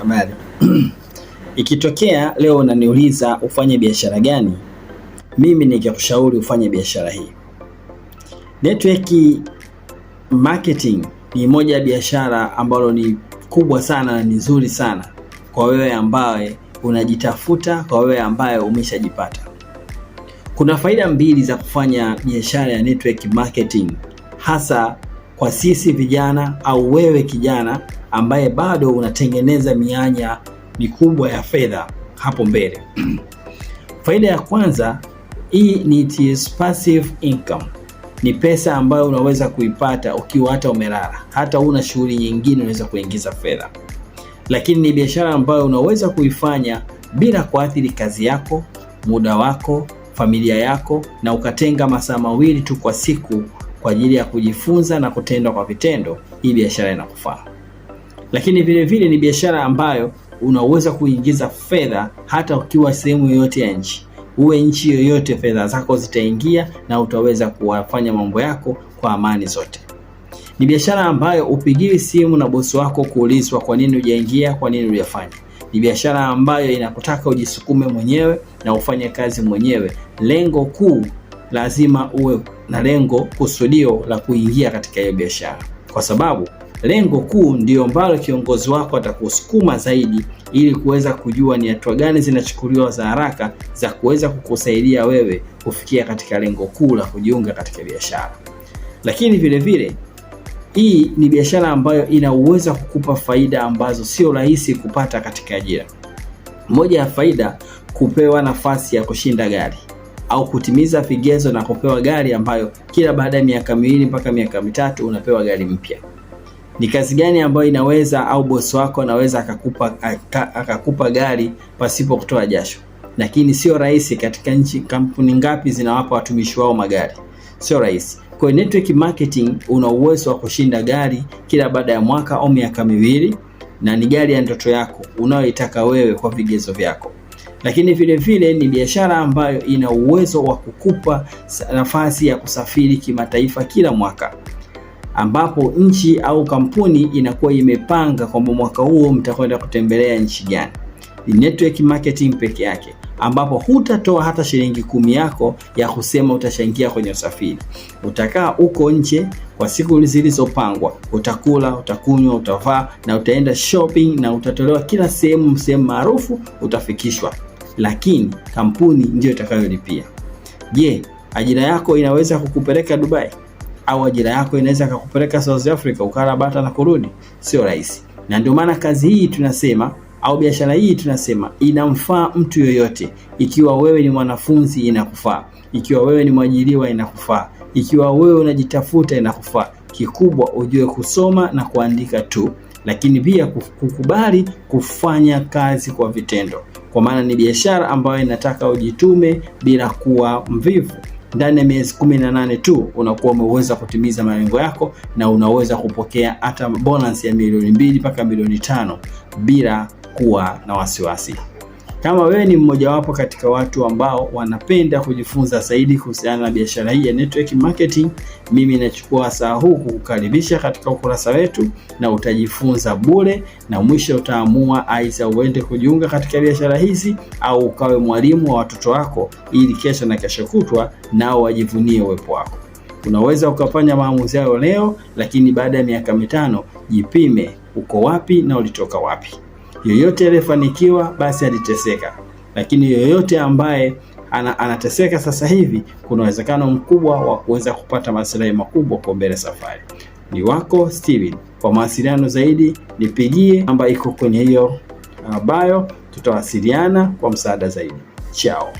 habari. Ikitokea leo unaniuliza ufanye biashara gani, mimi ningekushauri ufanye biashara hii. Network marketing ni moja ya biashara ambalo ni kubwa sana na ni nzuri sana kwa wewe ambaye unajitafuta, kwa wewe ambaye umeshajipata. Kuna faida mbili za kufanya biashara ya network marketing hasa kwa sisi vijana au wewe kijana ambaye bado unatengeneza mianya mikubwa ya fedha hapo mbele. Faida ya kwanza hii ni its passive income, ni pesa ambayo unaweza kuipata ukiwa hata umelala, hata una shughuli nyingine, unaweza kuingiza fedha, lakini ni biashara ambayo unaweza kuifanya bila kuathiri kazi yako, muda wako, familia yako, na ukatenga masaa mawili tu kwa siku kwa ajili ya kujifunza na kutendwa kwa vitendo, hii biashara inakufaa. Lakini vile vile ni biashara ambayo unaweza kuingiza fedha hata ukiwa sehemu yoyote ya nchi, uwe nchi yoyote, fedha zako zitaingia na utaweza kuwafanya mambo yako kwa amani zote. Ni biashara ambayo upigiwi simu na bosi wako kuulizwa kwa nini hujaingia, kwa nini uliyafanya Ni biashara ambayo inakutaka ujisukume mwenyewe na ufanye kazi mwenyewe, lengo kuu lazima uwe na lengo kusudio la kuingia katika hiyo biashara, kwa sababu lengo kuu ndio ambalo kiongozi wako atakusukuma zaidi, ili kuweza kujua ni hatua gani zinachukuliwa za haraka za kuweza kukusaidia wewe kufikia katika lengo kuu la kujiunga katika biashara. Lakini vile vile hii ni biashara ambayo ina uwezo kukupa faida ambazo sio rahisi kupata katika ajira. Moja ya faida, kupewa nafasi ya kushinda gari au kutimiza vigezo na kupewa gari ambayo kila baada ya miaka miwili mpaka miaka mitatu unapewa gari mpya. Ni kazi gani ambayo inaweza au bosi wako anaweza akakupa, akakupa gari pasipo kutoa jasho? Lakini sio rahisi. Katika nchi kampuni ngapi zinawapa watumishi wao magari? Sio rahisi. Kwa network marketing una uwezo wa kushinda gari kila baada ya mwaka au miaka miwili, na ni gari ya ndoto yako unayoitaka wewe kwa vigezo vyako lakini vile vile ni biashara ambayo ina uwezo wa kukupa nafasi ya kusafiri kimataifa kila mwaka, ambapo nchi au kampuni inakuwa imepanga kwamba mwaka huo mtakwenda kutembelea nchi gani. Ni network marketing peke yake ambapo hutatoa hata shilingi kumi yako ya kusema utachangia kwenye usafiri. Utakaa uko nje kwa siku zilizopangwa, utakula, utakunywa, utavaa na utaenda shopping na utatolewa kila sehemu, sehemu maarufu utafikishwa lakini kampuni ndio itakayolipia. Je, ajira yako inaweza kukupeleka Dubai au ajira yako inaweza kukupeleka South Africa ukarabata na kurudi? Sio rahisi, na ndio maana kazi hii tunasema au biashara hii tunasema inamfaa mtu yoyote. Ikiwa wewe ni mwanafunzi inakufaa, ikiwa wewe ni mwajiriwa inakufaa, ikiwa wewe unajitafuta inakufaa. Kikubwa ujue kusoma na kuandika tu, lakini pia kukubali kufanya kazi kwa vitendo kwa maana ni biashara ambayo inataka ujitume bila kuwa mvivu. Ndani ya miezi 18 tu unakuwa umeweza kutimiza malengo yako na unaweza kupokea hata bonus ya milioni mbili mpaka milioni tano bila kuwa na wasiwasi. Kama wewe ni mmojawapo katika watu ambao wanapenda kujifunza zaidi kuhusiana na biashara hii ya network marketing, mimi nachukua saa huu kukukaribisha katika ukurasa wetu, na utajifunza bure, na mwisho utaamua aidha uende kujiunga katika biashara hizi au ukawe mwalimu wa watoto wako, ili kesho na kesho kutwa nao wajivunie uwepo wako. Unaweza ukafanya maamuzi hayo leo, lakini baada ya miaka mitano jipime, uko wapi na ulitoka wapi. Yoyote aliyefanikiwa basi aliteseka, lakini yoyote ambaye ana, anateseka sasa hivi, kuna uwezekano mkubwa wa kuweza kupata maslahi makubwa kwa mbele safari. Ni wako Steven. Kwa mawasiliano zaidi nipigie namba iko kwenye hiyo uh, bio, tutawasiliana kwa msaada zaidi. Chao.